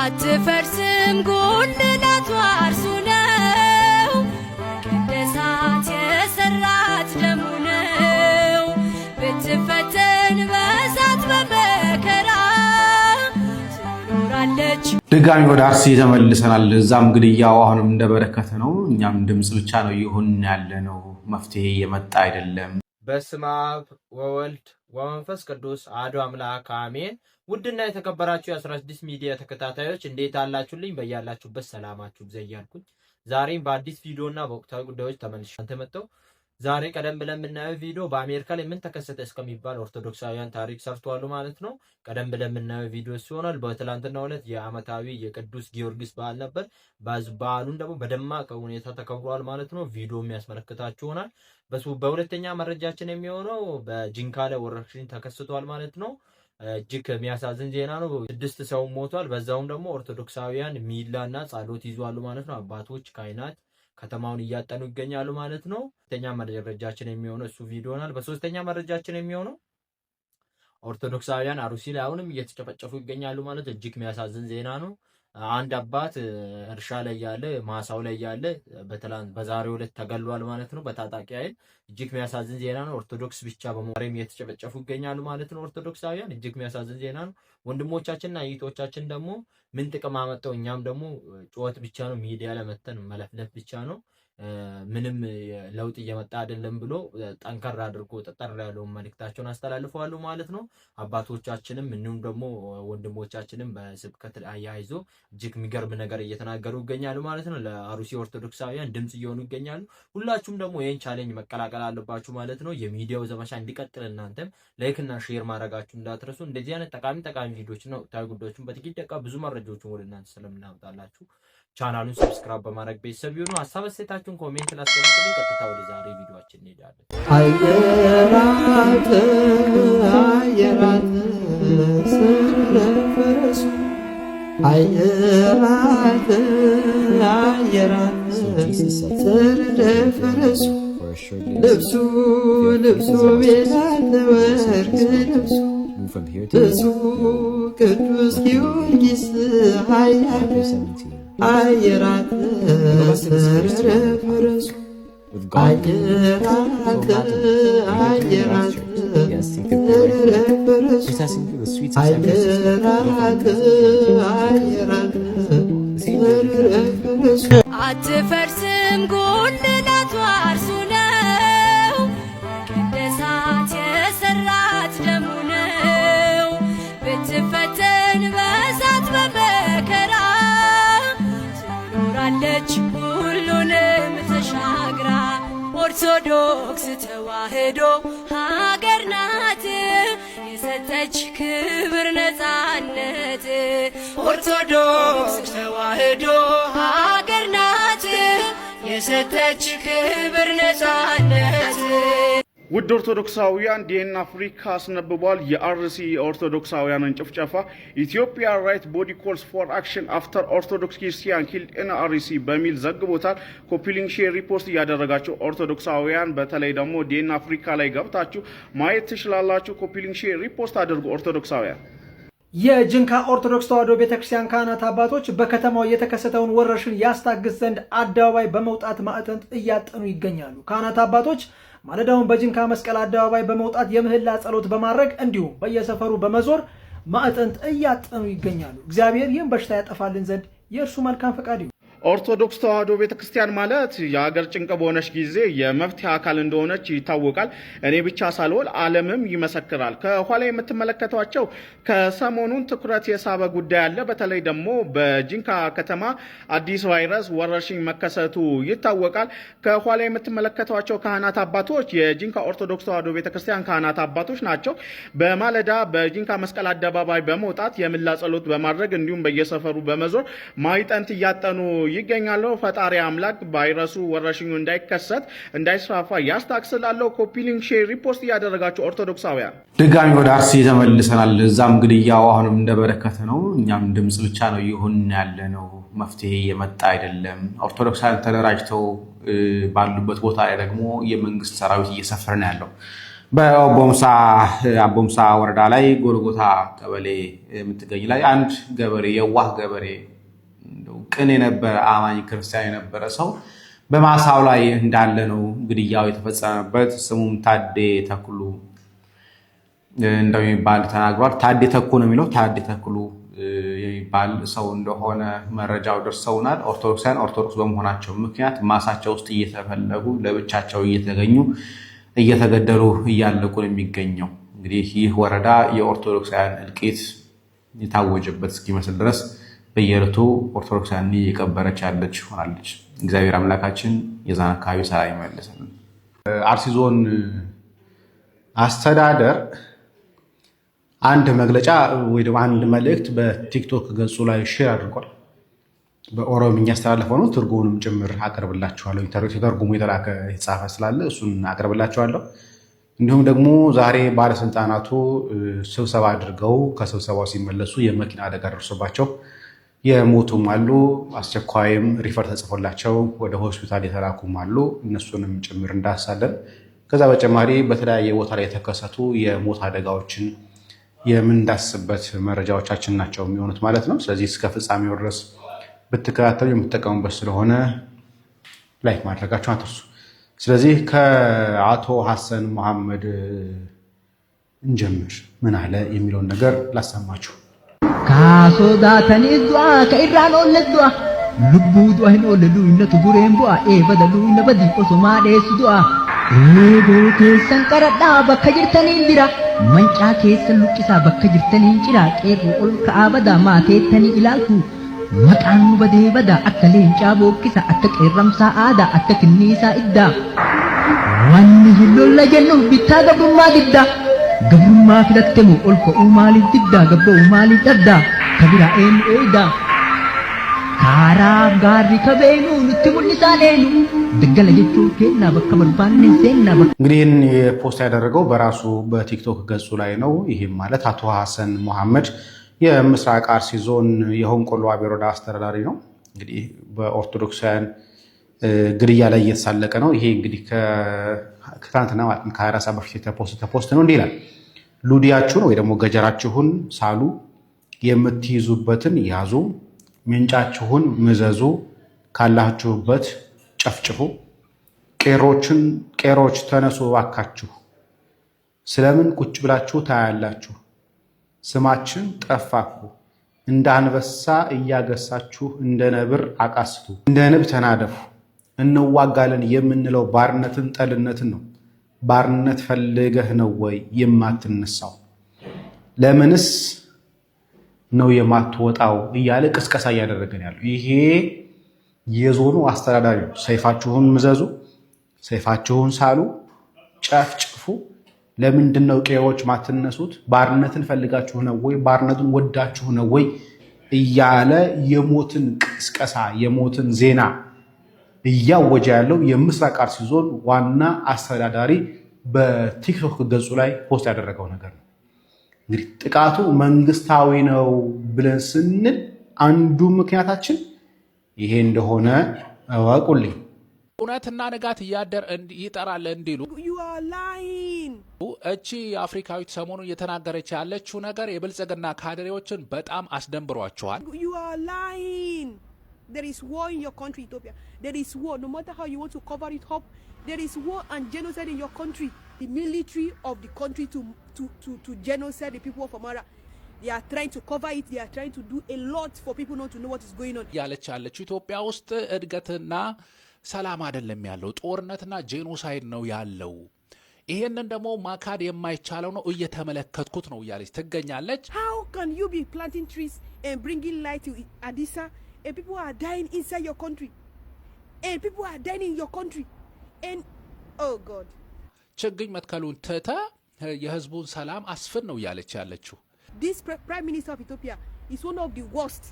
አትፈርስም ጉልላቷ አርሱ ነው ቅድሳት የሰራት ደሙ ነው ብትፈተን በሳት በመከራ ድጋሚ ወደ አርሲ ተመልሰናል። እዛም ግድያው አሁንም እንደበረከተ ነው። እኛም ድምፅ ብቻ ነው ይሁን ያለ ነው። መፍትሄ እየመጣ አይደለም። በስመ አብ ወወልድ ወመንፈስ ቅዱስ አሐዱ አምላክ አሜን። ውድና የተከበራችሁ የ16 ሚዲያ ተከታታዮች እንዴት አላችሁልኝ? በያላችሁበት ሰላማችሁ ብዘያልኩኝ ዛሬም በአዲስ ቪዲዮ እና በወቅታዊ ጉዳዮች ተመልሼ አንተ መጣሁ። ዛሬ ቀደም ብለን የምናየው ቪዲዮ በአሜሪካ ላይ ምን ተከሰተ እስከሚባል ኦርቶዶክሳውያን ታሪክ ሰርተዋሉ ማለት ነው። ቀደም ብለን የምናየው ቪዲዮ ሲሆናል። በትላንትናው ዕለት የአመታዊ የቅዱስ ጊዮርጊስ በዓል ነበር። በዓሉን ደግሞ በደማቅ ሁኔታ ተከብሯል ማለት ነው። ቪዲዮ የሚያስመለክታችሁ ይሆናል። በሁለተኛ መረጃችን የሚሆነው በጂንካ ላይ ወረርሽኝ ተከስቷል ማለት ነው። እጅግ የሚያሳዝን ዜና ነው። ስድስት ሰው ሞቷል። በዛውም ደግሞ ኦርቶዶክሳውያን ሚላና ጸሎት ይዟሉ ማለት ነው። አባቶች ካይናት ከተማውን እያጠኑ ይገኛሉ ማለት ነው። ሶስተኛ መረጃችን የሚሆነው እሱ ቪዲዮ ናል። በሶስተኛ መረጃችን የሚሆነው ኦርቶዶክሳውያን አሩሲ ላይ አሁንም እየተጨፈጨፉ ይገኛሉ ማለት እጅግ የሚያሳዝን ዜና ነው። አንድ አባት እርሻ ላይ ያለ ማሳው ላይ ያለ በትላንት በዛሬው ዕለት ተገሏል ማለት ነው በታጣቂ ኃይል እጅግ የሚያሳዝን ዜና ነው። ኦርቶዶክስ ብቻ በመሬም እየተጨፈጨፉ ይገኛሉ ማለት ነው። ኦርቶዶክሳውያን እጅግ የሚያሳዝን ዜና ነው። ወንድሞቻችንና እህቶቻችን ደግሞ ምን ጥቅም አመጣው? እኛም ደግሞ ጩኸት ብቻ ነው ሚዲያ ለመተን መለፍለፍ ብቻ ነው ምንም ለውጥ እየመጣ አይደለም ብሎ ጠንከር አድርጎ ጠጠር ያለውን መልእክታቸውን አስተላልፈዋሉ ማለት ነው። አባቶቻችንም እንዲሁም ደግሞ ወንድሞቻችንም በስብከት አያይዞ እጅግ የሚገርም ነገር እየተናገሩ ይገኛሉ ማለት ነው። ለአሩሲ ኦርቶዶክሳውያን ድምፅ እየሆኑ ይገኛሉ። ሁላችሁም ደግሞ ይህን ቻሌንጅ መቀላቀል አለባችሁ ማለት ነው። የሚዲያው ዘመቻ እንዲቀጥል እናንተም ላይክና ሼር ማድረጋችሁ እንዳትረሱ። እንደዚህ አይነት ጠቃሚ ጠቃሚ ቪዲዮችን ነው ጉዳዮችን በጥቂት ደቂቃ ብዙ መረጃዎችን ወደ እናንተ ስለምናመጣላችሁ ቻናሉን ሰብስክራይብ በማድረግ ቤተሰብ ይሁኑ። ሀሳብ አስተያየታችሁን ኮሜንት ላስቀምጡልኝ። ቀጥታ ወደ ዛሬ ቪዲዮአችን እንሄዳለን። አየራት አየራት አየራት አየራት ልብሱ ልብሱ ቤላት ወርቅ ልብሱ ብዙ ቅዱስ ጊዮርጊስ አየራት ሰረረ ፈረሱ አትፈርስም ጎል ኦርቶዶክስ ተዋሕዶ ሀገር ናት የሰጠች ክብር ነፃነት። ኦርቶዶክስ ተዋሕዶ ሀገር ናት የሰጠች ክብር ነፃነት ውድ ኦርቶዶክሳውያን ዲኤን አፍሪካ አስነብቧል። የአርሲ ኦርቶዶክሳውያንን ጭፍጨፋ ኢትዮጵያ ራይት ቦዲ ኮልስ ፎር አክሽን አፍተር ኦርቶዶክስ ክርስቲያን ኪልድ ኢን አርሲ በሚል ዘግቦታል። ኮፒሊንግ ሼር ሪፖርት እያደረጋቸው ኦርቶዶክሳውያን በተለይ ደግሞ ዲኤን አፍሪካ ላይ ገብታችሁ ማየት ትችላላችሁ። ኮፒሊንግ ሼር ሪፖርት አድርጉ ኦርቶዶክሳውያን። የጅንካ ኦርቶዶክስ ተዋሕዶ ቤተክርስቲያን ካህናት አባቶች በከተማው የተከሰተውን ወረርሽኝ ያስታግስ ዘንድ አደባባይ በመውጣት ማዕጠንት እያጠኑ ይገኛሉ። ካህናት አባቶች ማለዳውን በጅንካ መስቀል አደባባይ በመውጣት የምህላ ጸሎት በማድረግ እንዲሁም በየሰፈሩ በመዞር ማዕጠንት እያጠኑ ይገኛሉ። እግዚአብሔር ይህም በሽታ ያጠፋልን ዘንድ የእርሱ መልካም ፈቃድ ኦርቶዶክስ ተዋህዶ ቤተክርስቲያን ማለት የሀገር ጭንቅ በሆነች ጊዜ የመፍትሄ አካል እንደሆነች ይታወቃል። እኔ ብቻ ሳልሆን ዓለምም ይመሰክራል። ከኋላ የምትመለከቷቸው ከሰሞኑን ትኩረት የሳበ ጉዳይ አለ። በተለይ ደግሞ በጂንካ ከተማ አዲስ ቫይረስ ወረርሽኝ መከሰቱ ይታወቃል። ከኋላ የምትመለከቷቸው ካህናት አባቶች የጂንካ ኦርቶዶክስ ተዋህዶ ቤተክርስቲያን ካህናት አባቶች ናቸው። በማለዳ በጂንካ መስቀል አደባባይ በመውጣት የምላ ጸሎት በማድረግ እንዲሁም በየሰፈሩ በመዞር ማይጠንት እያጠኑ ይገኛሉ። ፈጣሪ አምላክ ቫይረሱ ወረሽኙ እንዳይከሰት እንዳይስፋፋ ያስታክስላለሁ። ኮፒሊንግ ሼር ሪፖርት እያደረጋቸው ኦርቶዶክሳውያን ድጋሚ ወደ አርሲ ተመልሰናል። እዛም ግድያው አሁንም እንደበረከተ ነው። እኛም ድምፅ ብቻ ነው ይሁን ያለ ነው። መፍትሄ እየመጣ አይደለም። ኦርቶዶክሳውያን ተደራጅተው ባሉበት ቦታ ላይ ደግሞ የመንግስት ሰራዊት እየሰፈረ ነው ያለው። በአቦምሳ ወረዳ ላይ ጎርጎታ ቀበሌ የምትገኝ ላይ አንድ ገበሬ የዋህ ገበሬ ቅን የነበረ አማኝ ክርስቲያን የነበረ ሰው በማሳው ላይ እንዳለ ነው ግድያው የተፈጸመበት። ስሙም ታዴ ተክሉ እንደሚባል ተናግሯል። ታዴ ተኩ ነው የሚለው ታዴ ተክሉ የሚባል ሰው እንደሆነ መረጃው ደርሰውናል። ኦርቶዶክሳውያን ኦርቶዶክስ በመሆናቸው ምክንያት ማሳቸው ውስጥ እየተፈለጉ ለብቻቸው እየተገኙ እየተገደሉ እያለቁ ነው የሚገኘው። እንግዲህ ይህ ወረዳ የኦርቶዶክሳውያን እልቂት የታወጀበት እስኪመስል ድረስ በየዕለቱ ኦርቶዶክሳን እየቀበረች ያለች ሆናለች። እግዚአብሔር አምላካችን የዛን አካባቢ ሰላም ይመልሰን። አርሲ ዞን አስተዳደር አንድ መግለጫ ወይ ደግሞ አንድ መልእክት በቲክቶክ ገጹ ላይ ሼር አድርጓል። በኦሮምኛ ያስተላለፈ ነው። ትርጉሙንም ጭምር አቀርብላችኋለሁ። ኢንተርኔት ተርጉሙ የተላከ የተጻፈ ስላለ እሱን አቀርብላችኋለሁ። እንዲሁም ደግሞ ዛሬ ባለስልጣናቱ ስብሰባ አድርገው ከስብሰባው ሲመለሱ የመኪና አደጋ ደርሶባቸው የሞቱም አሉ። አስቸኳይም ሪፈር ተጽፎላቸው ወደ ሆስፒታል የተላኩም አሉ። እነሱንም ጭምር እንዳሳለን። ከዛ በተጨማሪ በተለያየ ቦታ ላይ የተከሰቱ የሞት አደጋዎችን የምንዳስበት መረጃዎቻችን ናቸው የሚሆኑት ማለት ነው። ስለዚህ እስከ ፍጻሜው ድረስ ብትከታተሉ የምትጠቀሙበት ስለሆነ ላይክ ማድረጋቸው አትርሱ። ስለዚህ ከአቶ ሀሰን መሐመድ እንጀምር። ምን አለ የሚለውን ነገር ላሰማችሁ። Kaa sodaatanii du'a ka irraan oolle du'a. Lubbuu du'a hin oolle luuynatu gureen bu'a. Eebada luuyna badi osomaa dheessu du'a. Eeboo keessan qaradhaa bakka jirtaniin bira. Mancaa keessan luqqisaa bakka jirtaniin cira. Qeerroo ol ka'aa bada maateettanii ilaaltu. Maqaan nu badee akka leencaa bookkisa akka qeerramsaa aadaa akka kinniisaa iddaa. Wanni hin lolla jennuuf bittaa gabrummaa didda. uumaa filattemu ol ka'uu maaliif diddaa gabba'u maaliif dhabdaa kabiraa eenyu eedaa kaaraaf gaarri kabeenu nutti mul'isaa leenu dangala jechuun keennaa bakka barbaanne seennaa bakka እንግዲህ ይህን የፖስት ያደረገው በራሱ በቲክቶክ ገጹ ላይ ነው። ይህም ማለት አቶ ሀሰን መሐመድ የምስራቅ አርሲ ዞን የሆንቆሎ ዋቤ ወረዳ አስተዳዳሪ ነው። እንግዲህ በኦርቶዶክሳውያን ግድያ ላይ እየተሳለቀ ነው። ይሄ እንግዲህ ከትናንትና ከሀያ አራት ሰዓት በፊት የተፖስተ ፖስት ነው። እንዲህ ይላል ሉዲያችሁን ወይ ደግሞ ገጀራችሁን ሳሉ፣ የምትይዙበትን ያዙ፣ ምንጫችሁን ምዘዙ፣ ካላችሁበት ጨፍጭፉ፣ ቄሮችን ቄሮች ተነሱ እባካችሁ፣ ስለምን ቁጭ ብላችሁ ታያላችሁ? ስማችን ጠፋኩ እንደ አንበሳ እያገሳችሁ እንደ ነብር አቃስቱ፣ እንደ ንብ ተናደፉ። እንዋጋለን የምንለው ባርነትን ጠልነትን ነው። ባርነት ፈልገህ ነው ወይ የማትነሳው? ለምንስ ነው የማትወጣው? እያለ ቅስቀሳ እያደረገን ያለው ይሄ የዞኑ አስተዳዳሪ ሰይፋችሁን ምዘዙ፣ ሰይፋችሁን ሳሉ፣ ጨፍጭፉ። ለምንድን ነው ቄዎች ማትነሱት? ባርነትን ፈልጋችሁ ነው ወይ? ባርነትን ወዳችሁ ነው ወይ? እያለ የሞትን ቅስቀሳ የሞትን ዜና እያወጀ ያለው የምስራቅ አርሲ ዞን ዋና አስተዳዳሪ በቲክቶክ ገጹ ላይ ፖስት ያደረገው ነገር ነው። እንግዲህ ጥቃቱ መንግስታዊ ነው ብለን ስንል አንዱ ምክንያታችን ይሄ እንደሆነ እወቁልኝ። እውነትና ንጋት እያደር ይጠራል እንዲሉ እቺ አፍሪካዊት ሰሞኑን እየተናገረች ያለችው ነገር የብልጽግና ካድሬዎችን በጣም አስደንብሯቸዋል። There is war in your country, Ethiopia. There is war. No matter how you want to cover it up, there is war and genocide in your country. The military of the country to, to, to, to genocide the people of Amara. they are trying to cover it. They are trying to do a lot for people not to know what is going on. ያለች ያለችው ኢትዮጵያ ውስጥ እድገትና ሰላም አይደለም ያለው ጦርነትና ጄኖሳይድ ነው ያለው። ይሄንን ደግሞ ማካድ የማይቻለው ነው። እየተመለከትኩት ነው እያለች ትገኛለች። How can you be planting trees and bringing light to Ababa? and people are dying inside your country and people are dying in your country and oh god ችግኝ መትከሉን ትታ የህዝቡን ሰላም አስፍን ነው እያለች ያለችው this prime minister of ethiopia is one of the worst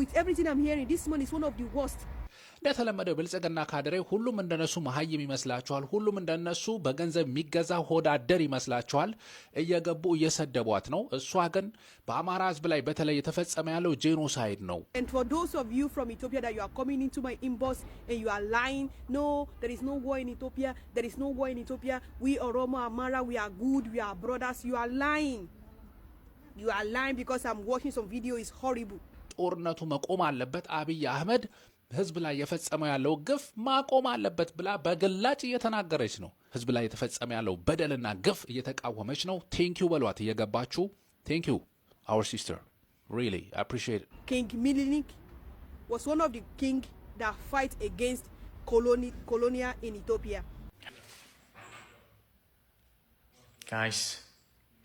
with everything i'm hearing this man is one of the worst እንደተለመደው ብልጽግና ካድሬ ሁሉም እንደነሱ መሀይም ይመስላችኋል። ሁሉም እንደነሱ በገንዘብ የሚገዛ ሆዳደር ይመስላችኋል። እየገቡ እየሰደቧት ነው። እሷ ግን በአማራ ህዝብ ላይ በተለይ የተፈጸመ ያለው ጄኖሳይድ ነው። ጦርነቱ መቆም አለበት። አብይ አህመድ ህዝብ ላይ የፈጸመው ያለው ግፍ ማቆም አለበት ብላ በግላጭ እየተናገረች ነው። ህዝብ ላይ የተፈጸመ ያለው በደልና ግፍ እየተቃወመች ነው። ቴንኪው በሏት እየገባችሁ ቴንኪው አወር ሲስተር ሪሊ አፕሪሺየት ኪንግ ሚሊኒክ ዋስ ዋን ኦፍ ዲ ኪንግ ዳ ፋይት አጌንስት ኮሎኒያ ኢን ኢትዮጵያ ጋይስ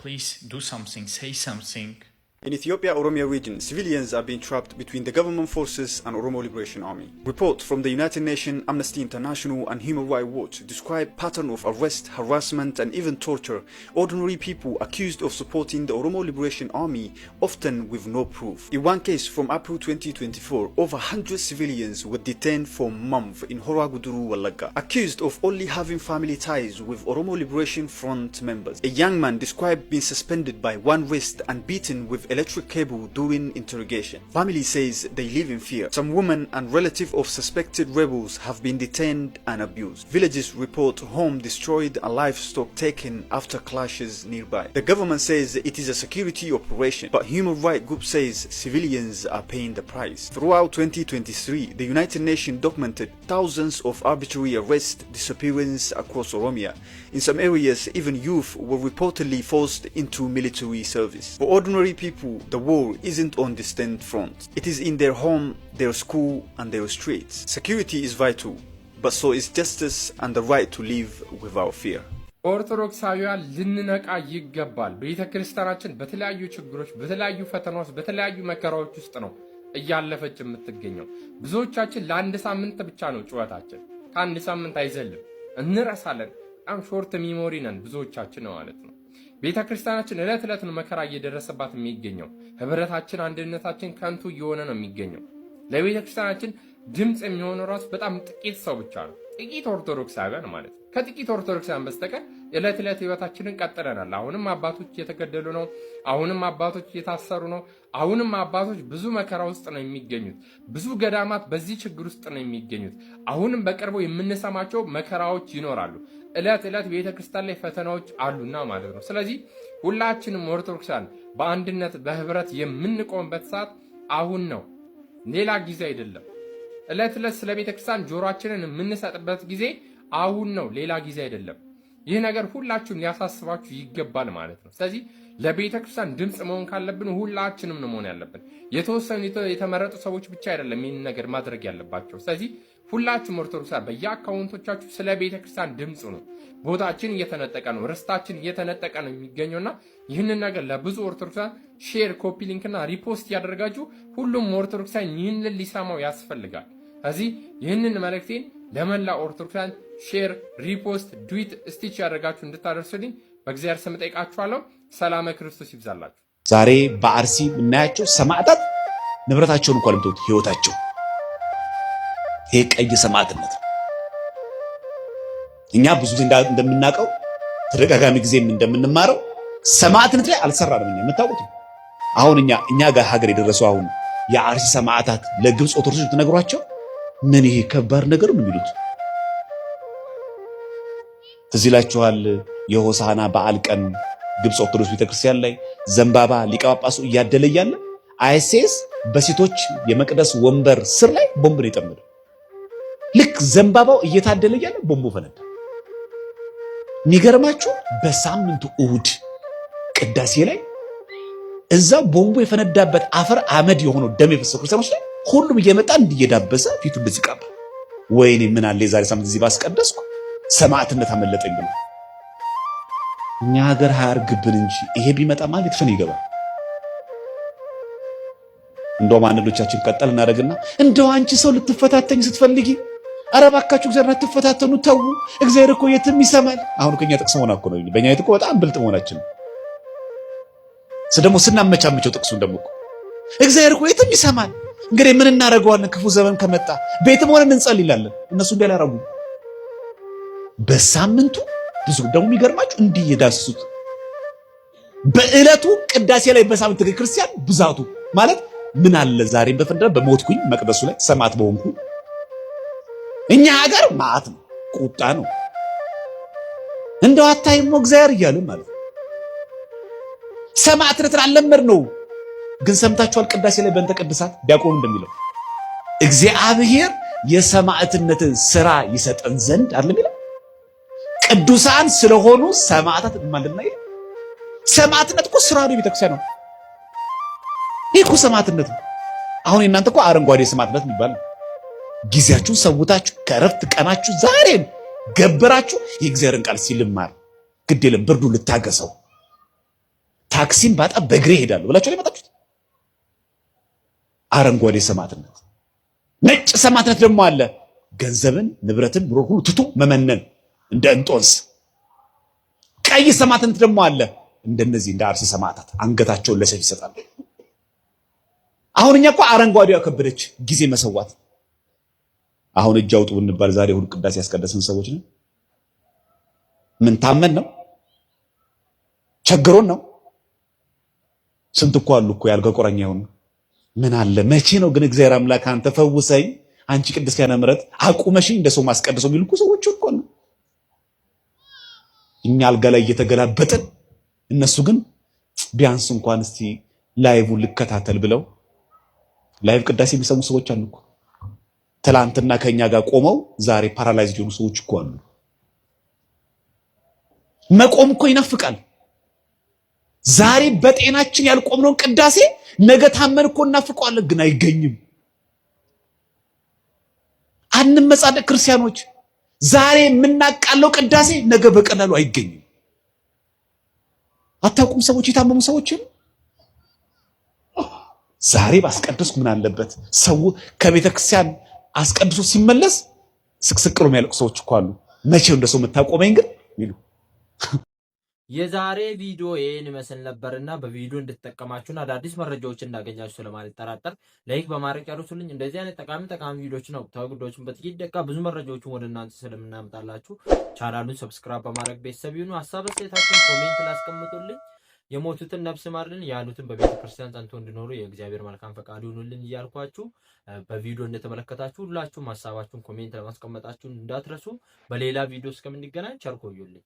ፕሊዝ ዱ ሳምሲንግ ሴይ ሳምሲንግ in Ethiopia Oromia region, civilians are being trapped between the government forces and Oromo Liberation Army. Reports from the United Nations, Amnesty International and Human Rights Watch describe pattern of arrest, harassment and even torture. Ordinary people accused of supporting the Oromo Liberation Army, often with no proof. In one case from April 2024, over 100 civilians were detained for months in Horaguduru, Wallaga, accused of only having family ties with Oromo Liberation Front members. A young man described being suspended by one wrist and beaten with electric cable during interrogation. Family says they live in fear. Some women and relative of suspected rebels have been detained and abused. Villages report home destroyed and livestock taken after clashes nearby. The government says it is a security operation, but human rights group says civilians are paying the price. Throughout 2023, the United Nations documented thousands of arbitrary arrests, disappearances across Oromia. In some areas, even youth were reportedly forced into military service. For ordinary people, people, the war isn't on stand front. It is in their home, their school, and their streets. Security is vital, but so is justice and the right to live without fear. ኦርቶዶክሳዊያን ልንነቃ ይገባል። ቤተ ክርስቲያናችን በተለያዩ ችግሮች፣ በተለያዩ ፈተናዎች፣ በተለያዩ መከራዎች ውስጥ ነው እያለፈች የምትገኘው። ብዙዎቻችን ለአንድ ሳምንት ብቻ ነው ጩኸታችን፣ ከአንድ ሳምንት አይዘልም። እንረሳለን። በጣም ሾርት ሚሞሪ ነን ብዙዎቻችን ማለት ነው። ቤተ ክርስቲያናችን ዕለት ዕለት ነው መከራ እየደረሰባት የሚገኘው። ህብረታችን፣ አንድነታችን ከንቱ እየሆነ ነው የሚገኘው። ለቤተ ክርስቲያናችን ድምፅ የሚሆነው ራሱ በጣም ጥቂት ሰው ብቻ ነው። ጥቂት ኦርቶዶክሳውያን ማለት ነው። ከጥቂት ኦርቶዶክሳውያን በስተቀር ዕለት ዕለት ህይወታችንን ቀጥለናል። አሁንም አባቶች እየተገደሉ ነው። አሁንም አባቶች እየታሰሩ ነው። አሁንም አባቶች ብዙ መከራ ውስጥ ነው የሚገኙት። ብዙ ገዳማት በዚህ ችግር ውስጥ ነው የሚገኙት። አሁንም በቅርቡ የምንሰማቸው መከራዎች ይኖራሉ። እለት እለት ቤተክርስቲያን ላይ ፈተናዎች አሉና ማለት ነው። ስለዚህ ሁላችንም ኦርቶዶክሳን በአንድነት በህብረት የምንቆምበት ሰዓት አሁን ነው፣ ሌላ ጊዜ አይደለም። እለት እለት ስለ ቤተክርስቲያን ጆሮአችንን የምንሰጥበት ጊዜ አሁን ነው፣ ሌላ ጊዜ አይደለም። ይህ ነገር ሁላችሁም ሊያሳስባችሁ ይገባል ማለት ነው። ስለዚህ ለቤተ ክርስቲያን ድምፅ መሆን ካለብን ሁላችንም ነው መሆን ያለብን። የተወሰኑ የተመረጡ ሰዎች ብቻ አይደለም ይህን ነገር ማድረግ ያለባቸው። ስለዚህ ሁላችሁም ኦርቶዶክሳን በየአካውንቶቻችሁ ስለ ቤተ ክርስቲያን ነው። ቦታችን እየተነጠቀ ነው፣ ርስታችን እየተነጠቀ ነው የሚገኘውና ይህንን ነገር ለብዙ ኦርቶዶክሳን ሼር፣ ኮፒ ሊንክና ሪፖስት ያደረጋችሁ ሁሉም ኦርቶዶክሳን ይህንን ሊሰማው ያስፈልጋል። እዚህ ይህንን መልእክቴን ለመላ ኦርቶዶክሳን ሼር፣ ሪፖስት፣ ዱዊት ስቲች ያደርጋችሁ እንድታደርሱልኝ በእግዚአብሔር ስም ጠይቃችኋለሁ። ሰላመ ክርስቶስ ይብዛላችሁ። ዛሬ በአርሲ የምናያቸው ሰማዕታት ንብረታቸውን እንኳ ለምትት ህይወታቸው ይሄ ቀይ ሰማዕትነት ነው። እኛ ብዙ ጊዜ እንደምናውቀው ተደጋጋሚ ጊዜም እንደምንማረው ሰማዕትነት ላይ አልሰራንም። እኛ የምታውቁት አሁን እኛ እኛ ጋር ሀገር የደረሰው አሁን የአርሲ ሰማዕታት ለግብፅ ኦርቶዶክሶች ተነግሯቸው ምን ይሄ ከባድ ነገር ነው የሚሉት እዚህ የሆሳና በዓል ቀን ግብፅ ኦርቶዶክስ ቤተክርስቲያን ላይ ዘንባባ ሊቀ ጳጳሱ እያደለ እያለ አይሴስ በሴቶች የመቅደስ ወንበር ስር ላይ ቦምብ ነው የጠመደው። ልክ ዘንባባው እየታደለ እያለ ቦምቡ ፈነዳ። የሚገርማችሁ በሳምንቱ እሁድ ቅዳሴ ላይ እዛ ቦምቡ የፈነዳበት አፈር አመድ የሆነው ደም የፈሰሰው ክርስቲያኖች ላይ ሁሉም እየመጣ እንዲየዳበሰ ፊቱ እንደዚህ ቃባ፣ ወይኔ ምን አለ የዛሬ ሳምንት እዚህ ባስቀደስኩ ሰማዕትነት አመለጠኝ ብሎ እኛ ሀገር አያርግብን እንጂ ይሄ ቢመጣ ማለት የተፈነ ይገባል። እንደውም አንዶቻችን ቀጠል እናደርግና እንደው አንቺ ሰው ልትፈታተኝ ስትፈልጊ ኧረ እባካችሁ እግዚአብሔር አትፈታተኑ፣ ተዉ። እግዚአብሔር እኮ የትም ይሰማል። አሁን ከኛ ጥቅስ መሆን እኮ ነው። በእኛ ቤት እኮ በጣም ብልጥ መሆናችን ደግሞ ስናመቻምቸው ጥቅሱን ደግሞ እግዚአብሔር እኮ የትም ይሰማል። እንግዲህ ምን እናደርገዋለን? ክፉ ዘመን ከመጣ ቤትም ሆነ እንጸልይ ይላለን። እነሱ እንዲ ያላረጉ በሳምንቱ ብዙ ደግሞ የሚገርማችሁ እንዲህ የዳሰሱት በእለቱ ቅዳሴ ላይ በሳምንት ክርስቲያን ብዛቱ ማለት ምን አለ ዛሬም በፍንዳ በሞትኩኝ መቅደሱ ላይ ሰማዕት በሆንኩ እኛ ሀገር ማዕት ነው፣ ቁጣ ነው። እንደው አታይሞ እግዚአብሔር እያሉ ማለት ነው። ሰማዕትነትን አልለመድ ነው። ግን ሰምታችኋል፣ ቅዳሴ ላይ በእንተ ቅድሳት እንደሚለው እግዚአብሔር የሰማዕትነትን ስራ ይሰጠን ዘንድ አለ ይላል። ቅዱሳን ስለሆኑ ሰማዕታት ማለትና ነው። ሰማዕትነት እኮ ስራ ነው፣ ቤተክርስቲያን ነው። ይህ እኮ ሰማዕትነት ነው። አሁን የእናንተ እኮ አረንጓዴ ሰማዕትነት የሚባል ነው። ጊዜያችሁን ሰውታችሁ ከረፍት ቀናችሁ ዛሬም ገበራችሁ የእግዚአብሔርን ቃል ሲልማር ግድ የለም ብርዱ ልታገሰው ታክሲን ባጣ በእግሬ ይሄዳሉ። ብላችሁ ላይ መጣችሁት። አረንጓዴ ሰማዕትነት፣ ነጭ ሰማዕትነት ደግሞ አለ። ገንዘብን፣ ንብረትን፣ ኑሮ ሁሉ ትቶ መመነን እንደ እንጦንስ። ቀይ ሰማዕትነት ደግሞ አለ። እንደነዚህ እንደ አርሲ ሰማዕታት አንገታቸውን ለሰይፍ ይሰጣሉ። አሁን እኛ እኮ አረንጓዴ ያከበደች ጊዜ መሰዋት አሁን እጅ አውጡ ብንባል ዛሬ እሑድ ቅዳሴ ያስቀደስን ሰዎች ነን? ምን ታመን ነው? ቸግሮን ነው? ስንት እኮ አሉ እኮ ያልጋ ቁራኛ የሆኑ ምን አለ? መቼ ነው ግን እግዚአብሔር አምላክ አንተ ፈውሰኝ፣ አንቺ ቅድስት ኪዳነ ምሕረት አቁመሽኝ እንደ ሰው ማስቀድሰው የሚሉ እኮ ሰዎች እኮ ነው። እኛ አልጋ ላይ እየተገላበጥን እነሱ ግን ቢያንስ እንኳን እስቲ ላይቡን ልከታተል ብለው ላይቭ ቅዳሴ የሚሰሙ ሰዎች አሉ እኮ ትላንትና ከኛ ጋር ቆመው ዛሬ ፓራላይዝ የሆኑ ሰዎች እኮ አሉ። መቆም እኮ ይናፍቃል። ዛሬ በጤናችን ያልቆምነውን ቅዳሴ ነገ ታመን እኮ እናፍቀዋለን፣ ግን አይገኝም። አንመጻደቅ ክርስቲያኖች። ዛሬ የምናቃለው ቅዳሴ ነገ በቀላሉ አይገኝም። አታውቁም? ሰዎች የታመሙ ሰዎችን ዛሬ ባስቀደስኩ ምን አለበት? ሰው ከቤተ ክርስቲያን አስቀድሶ ሲመለስ ስቅስቅሎ ነው ሰዎች እኮ አሉ። መቼው እንደሰው የምታቆመኝ ግን ሚሉ የዛሬ ቪዲዮ ይህን ይመስል ነበር እና በቪዲዮ እንድትጠቀማችሁን አዳዲስ መረጃዎች እንዳገኛችሁ ስለማልጠራጠር ላይክ በማድረግ ጨርሱልኝ። እንደዚህ አይነት ጠቃሚ ጠቃሚ ቪዲዮችን ወቅታዊ ጉዳዮችን በጥቂት ደቂቃ ብዙ መረጃዎችን ወደ እናንተ ስለምናምጣላችሁ ቻናሉን ሰብስክራይብ በማድረግ ቤተሰብ ይሁኑ። ሀሳብ አስተያየታችሁን ኮሜንት ላስቀምጡልኝ። የሞቱትን ነፍስ ማርልን ያሉትን በቤተ ክርስቲያን ጸንቶ እንዲኖሩ የእግዚአብሔር መልካም ፈቃድ ይሁንልን እያልኳችሁ በቪዲዮ እንደተመለከታችሁ ሁላችሁም ሀሳባችሁን ኮሜንት ለማስቀመጣችሁን እንዳትረሱ። በሌላ ቪዲዮ እስከምንገናኝ ቸር ቆዩልኝ።